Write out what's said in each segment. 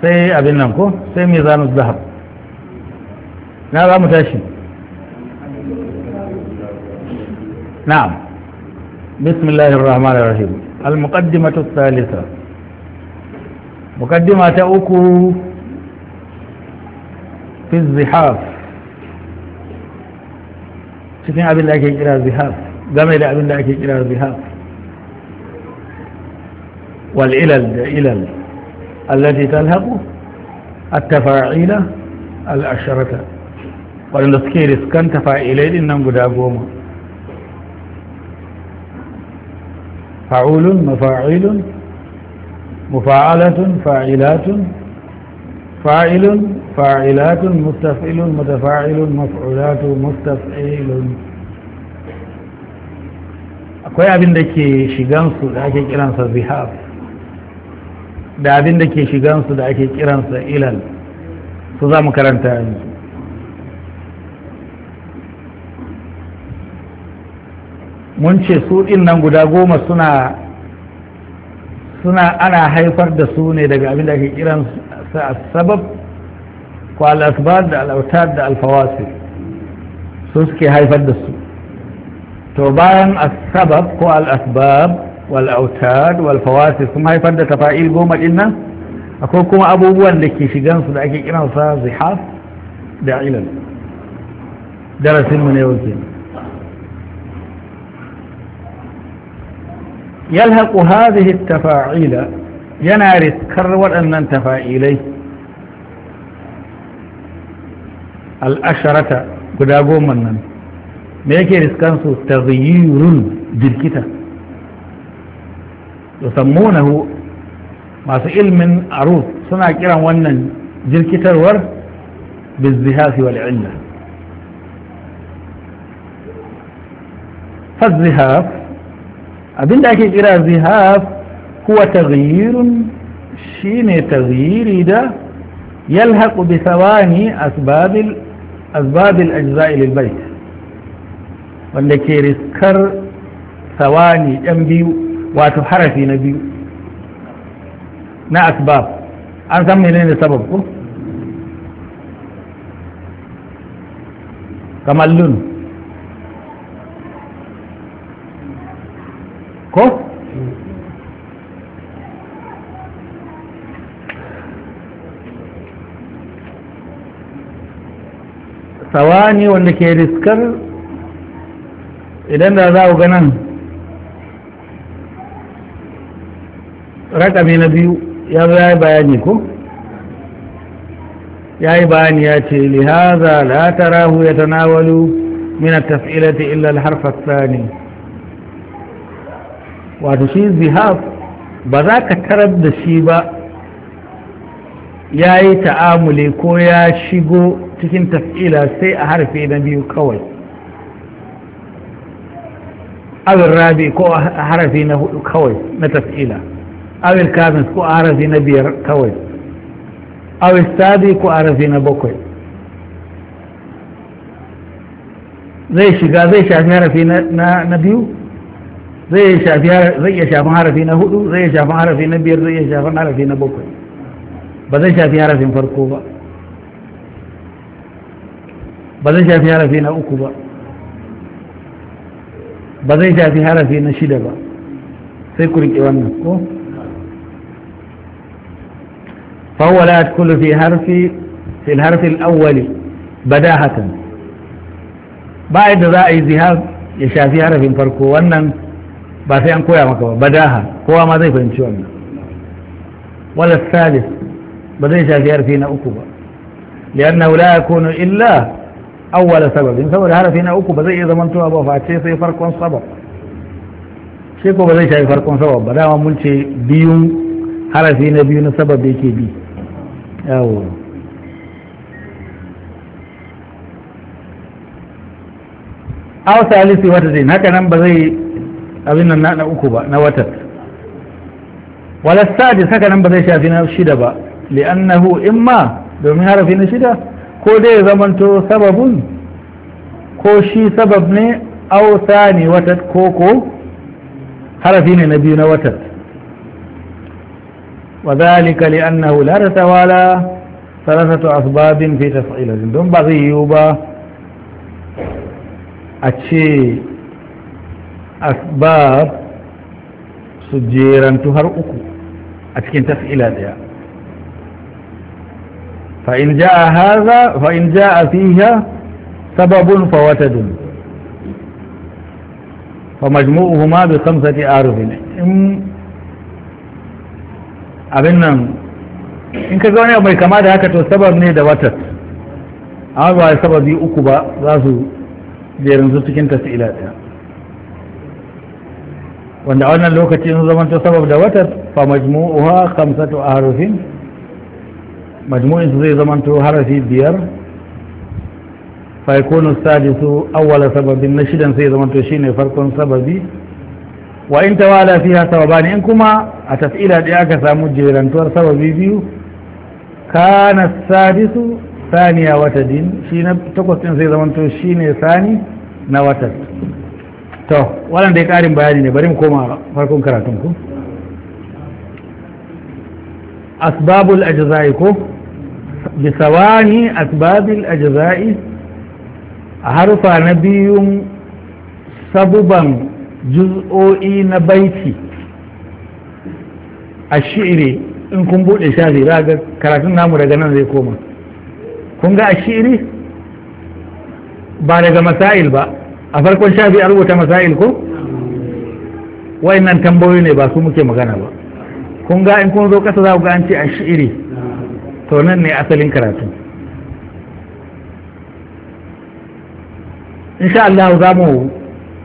sai abin nan ko sai mizanus zahab na za mu tashi na'am bismillahir rahmanir rahim al-muqaddimatu thalitha muqaddima ta uku fi zihaf cikin abin da ake kira zihaf game da abin da ake kira zihaf wal ilal da ilal التي تلهقه التفاعيلة الأشرة وعند تكيرس كان تفاعيلين إنهم قدابهم فعول مفاعل مفاعلة فاعلات فاعل فاعلات متفعل متفاعل مفعولات مستفعل أكوية بندكي شغانسو لكي كلا نصبحها da abin da ke shigansu da ake kiransa ilal su za mu karanta yanzu mun ce su ɗin nan guda goma suna suna ana haifar da su ne daga abin da ake kiransa sabab ko al'asbar da al'autar da alfawasi su suke haifar da su to bayan asbab ko al'asbab wal'autar walfawasis kuma haifar da tafa'il goma ɗin akwai kuma abubuwan da ke shigansu da ake kiransa zihar da ilal darasinmu ne yau kenan yalhaqu hadhihi at-tafa'ila yana riskar waɗannan tafa'ilai al-asharata guda goma nan me yake riskansu tazyirun jirkita yusammunahu masu ilmin arus suna kiran wannan jirkitarwar bizzihafi wal illa fazzihaf abinda ake kira zihaf kuwa taghyirun shine taghyiri da yalhaqu bi thawani asbabil asbabil ajza'il bayt wanda ke riskar thawani dan biyu wato harafi na biyu na asbab an san menene sabab ko kamar lun ko sawani wanda ke riskar idan da za ku ganin rakami na biyu ya yi bayani ko ya yi bayani ya ce lihaza la tarahu ya tanawalu min at-tas'ilati illa al-harf ath-thani wato shi zihab ba za ka tarar da shi ba ya yi ta'amuli ko ya shigo cikin tafila sai a harfe na biyu kawai abin rabi ko a harafi na hudu kawai na tafila awil kamis ko arafi na biyar kawai awil sadi ko arafi na bakwai zai shiga zai shafi harafi na biyu zai shafi zai iya shafin harafi na hudu zai iya shafin harafi na biyar zai iya shafin harafi na bakwai ba zai shafi harafin farko ba ba zai shafi harafi na uku ba ba zai shafi harafi na shida ba sai ku riƙe wannan ko فهو لا يدخل في حرف في الحرف الأول بداهة بعد ذلك ذهب يشافي هرف فرقه وأن بافي أن قوى مكوى بداهة قوى ما ذي فانشوان ولا الثالث بدأ يشافي هرفي نأكوى لأنه لا يكون إلا أول سبب إن سبب الهرف نأكوى بدأ إذا منتوى أبو فاتشي في فرق وانصبب شيكو بدأ يشافي فرق وانصبب بدأ ومنشي بيوم هرفي نبيون سبب بيكي بيه yawo aw alisi wata zai haka nan ba zai abin nan na uku ba na watan wala sadis haka nan ba zai shafi na shida ba li'annahu imma domin harafi na shida ko dai zamanto sababun ko shi sabab ne aw ne wata ko ko harafi ne na biyu na watan وذلك لأنه لا تتوالى ثلاثة أسباب في تفعيله دون بغيوبة أتشي أسباب سجيرا تهر أكو أتكين تفعيل دي فإن جاء هذا فإن جاء فيها سبب فوتد فمجموعهما بخمسة أرض إن abin nan in ka zaune mai kama da haka to sabab ne da wata amma ba sababi uku ba za su jerin su cikin ila ɗaya wanda a wannan lokacin zamanta sabab da wata fa majmu'uha khamsatu harufin majmu'in su zai zamanto harafi biyar fa yakunu sadisu awwala sababin na shidan sai shi shine farkon sababi wa in tawala fiha sababani in kuma a tas'ila ɗaya aka samu jerantuwar sababi biyu kana sadisu saniya wata din shi na takwas ɗin sai zamanto shi ne sani na watan to wannan dai ƙarin bayani ne bari mu koma farkon karatun ku asbabul ajza'i ko sawani asbabul ajza'i a harfa na biyun sabuban juz'o'i na baiti a shi'iri in kun buɗe shafi za ga karatun namu daga nan zai koma kun ga a shi'iri ba daga masail ba a farkon shafi a rubuta masail ko nan tambayoyi ne ba su muke magana ba kun ga in kun zo ƙasa za ku ga an ce a shi'iri to nan ne asalin karatu sha Allah za mu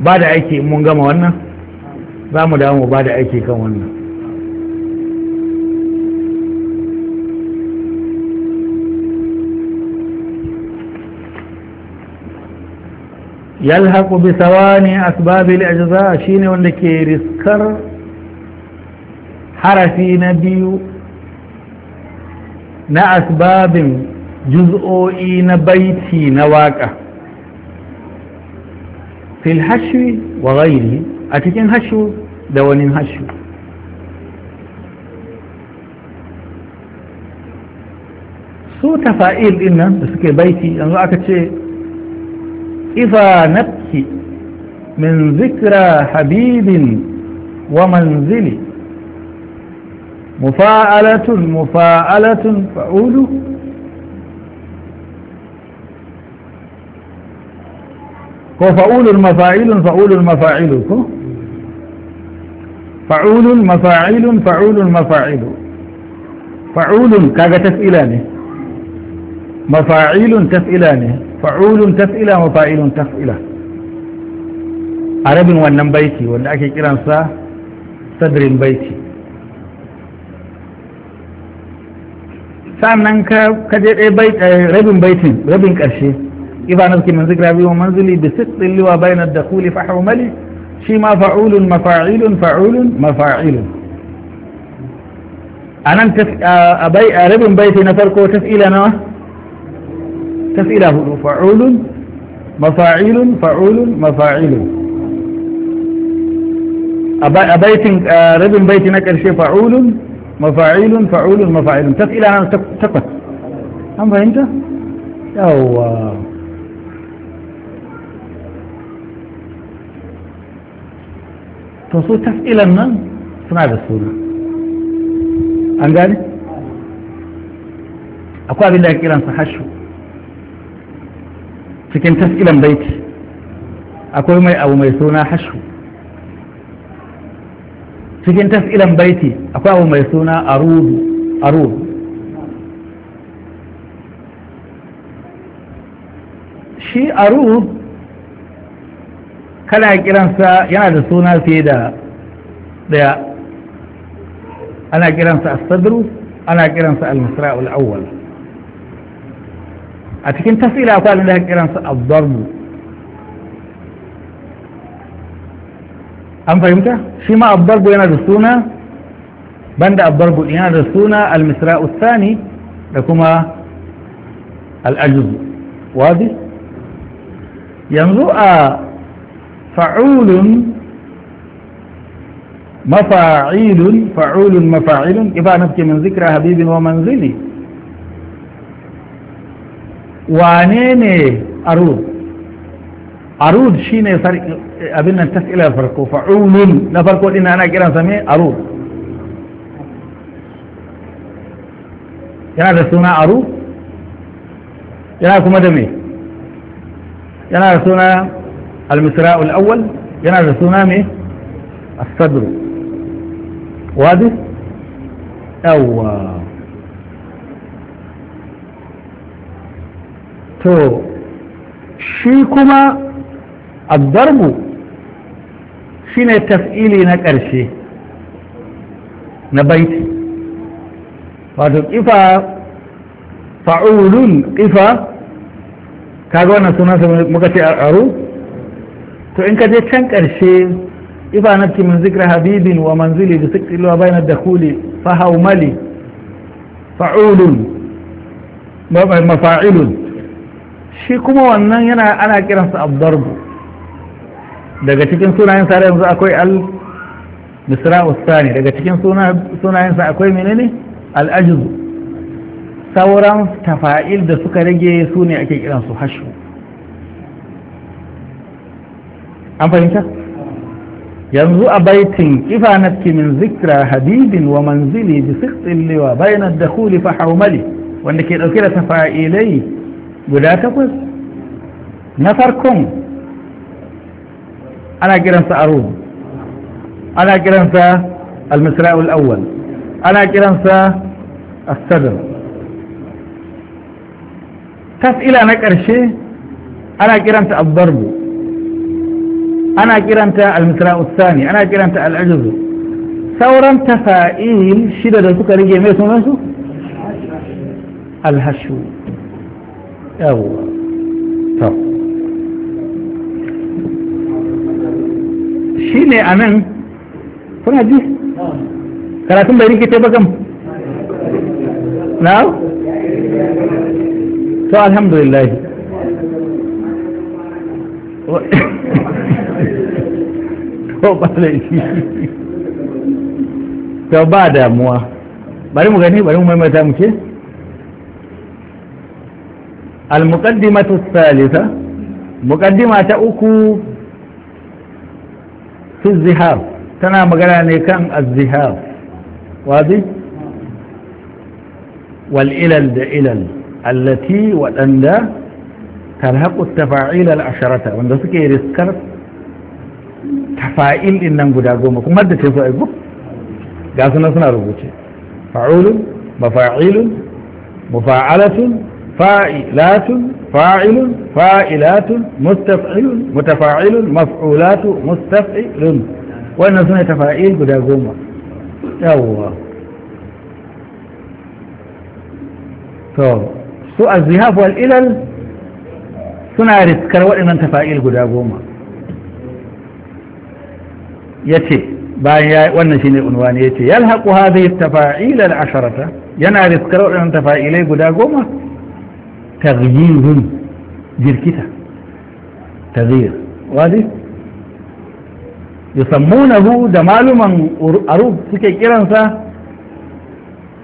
ba da aiki mun gama wannan za mu dawo mu ba da aiki kan wannan yalhaqu bi thawani asbabil ajza shine wanda ke rikar harafi na biyu na asbabin juz'o'i na baiti na waka fil hashwi wa a cikin hashu da wani hashu su tafa'il din nan da suke baiti yanzu aka ce إذا نبكي من ذكرى حبيب ومنزل مفاءلة مفاءلة فعول وفعول المفاعيل فعول المفاعيل فعول مفاعيل فعول مفاعيل فعول كاغا تسئلاني مفاعيل تسئلاني fa'ulun taf'ila wa fa'ilun taf'ila a rabin wannan baiti wanda ake kiransa sadrin baiti sannan ka je ɗaya eh, rabin baitin rabin ƙarshe ifa nafki min biyu wa manzili bi sittin liwa bainar da kuli fa shi ma fa'ulun mafa'ilun fa'ulun mafa'ilun a nan a rabin baiti na farko tas'ila nawa تسئله فعول مفاعيل فعول مفاعيل أبيت آه، ربن بيت نكر شيء فعول مفاعيل فعول مفاعيل تفئلة تقت هم فهمت؟ أو تصو تفئلة من سمع بالسورة أنقالي أقوى بالله كيران صحشه cikin taskilan baiti akwai mai abu mai suna hashu cikin taskilan baiti akwai abu mai suna arudu shi arud kana kiransa yana da suna fiye da daya ana kiransa as ana kiransa al-misra'ul awwal أتكين تسئل أفعال الله كيران الضرب أم فهمت؟ شما الضرب ينا رسونا بند الضرب ينا رسونا المسراء الثاني لكما الأجزء واضح؟ ينظر آه، فعول مفاعيل فعول مفاعيل إبا نبكي من ذكر حبيب ومنزلي wane ne arud arud shine abin nan tas'ilar farko fa'ulun na farko din ana kiransa me arud yana da suna arud yana kuma da me yana da suna al-misra'ul awwal yana da suna me as-sadr wadi yawwa to shi kuma addarbu shi ne taf'ili na ƙarshe na baiti wato ƙifa fa'ulun ƙifa kaga wannan sunansa muka ce aru to in ka je can ƙarshe ifa nafki min zikra habibin wa manzili da sikri wa bayna dakhuli fa haumali fa'ulun mafa'ilun shi kuma wannan yana ana kiransa abdarbu daga cikin sunayen sa yanzu akwai al misra ustani daga cikin sunayen sa akwai menene al ajzu sauran tafa'il da suka rage su ne ake kiransu hashu an fahimta yanzu a baitin ifa nafki min zikra habibin wa manzili bi sikhtin liwa bayanar da fa haumali wanda ke dauke da tafa'ilai guda takwas na farkon ana kiransa arud ana kiransa al-misra'ul awwal ana kiransa as-sadr tas'ila na ƙarshe ana kiranta abdarbu ana kiranta al-misra'ul thani ana kiranta al-ajzu sauran tafa'il shida da suka rige mai sunansu al-hashu yawo ta shi ne a nan kuna ji karatun bai rikice ba na to alhamdulillah ba damuwa bari mu gani bari mu maimaita mu ce المقدمة الثالثة مقدمة أكو في الزهاب تنا مقراني كان الزهاب واضح والإلل دإلل التي والأندى تلحق التفاعيل العشرة وأن سكي رسكر تفاعيل إنن قداغوما كم هذا تفاعيل قاسنا سنة ربوتي فعول مفاعيل مفاعلة فاعلات فاعل فاعلات مستفعل متفاعل مفعولات مستفعل wannan suna tafa'il guda goma yawwa su a zihaf suna riskar waɗannan tafa'il guda goma ya ce bayan wannan shine unwani ya ce yalhaƙu hadhihi tafa'il al asharata yana riskar waɗannan tafa'ilai guda goma تغيير da تغيير واضح يسمونه ده معلوما أروب سكي كيرانسا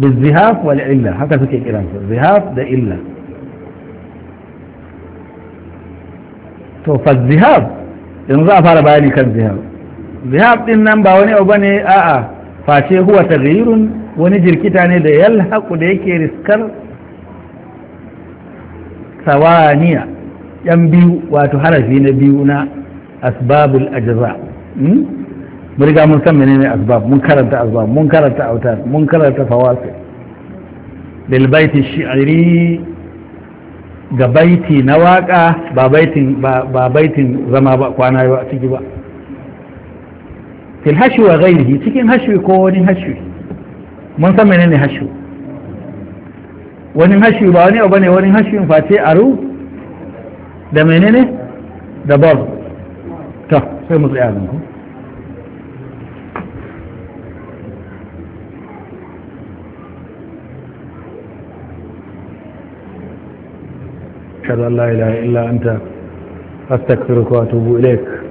بالزهاف والعلة حتى سكي كيرانسا الزهاف ده إلا فالزهاف yanzu a fara bayani kan zihab zihab din nan ba wani abu bane a'a face huwa taghyirun wani jirkita ne da yalhaqu da yake riskar sawaniya yan biyu wato harafi na biyu na asbabul ajza mun riga mun san menene asbab mun karanta asbab mun karanta autar mun karanta fawasi lil baiti shi'ri ga baiti na waka ba baitin ba baitin zama ba kwana ba ciki ba fil hashwi wa ghairihi cikin hashwi ko wani hashwi mun san menene hashwi wani hashi ba wani abu ne wani hashin face aru da menene da bal ta sai mu tsaya ku أشهد أن لا إله إلا أنت أستغفرك وأتوب إليك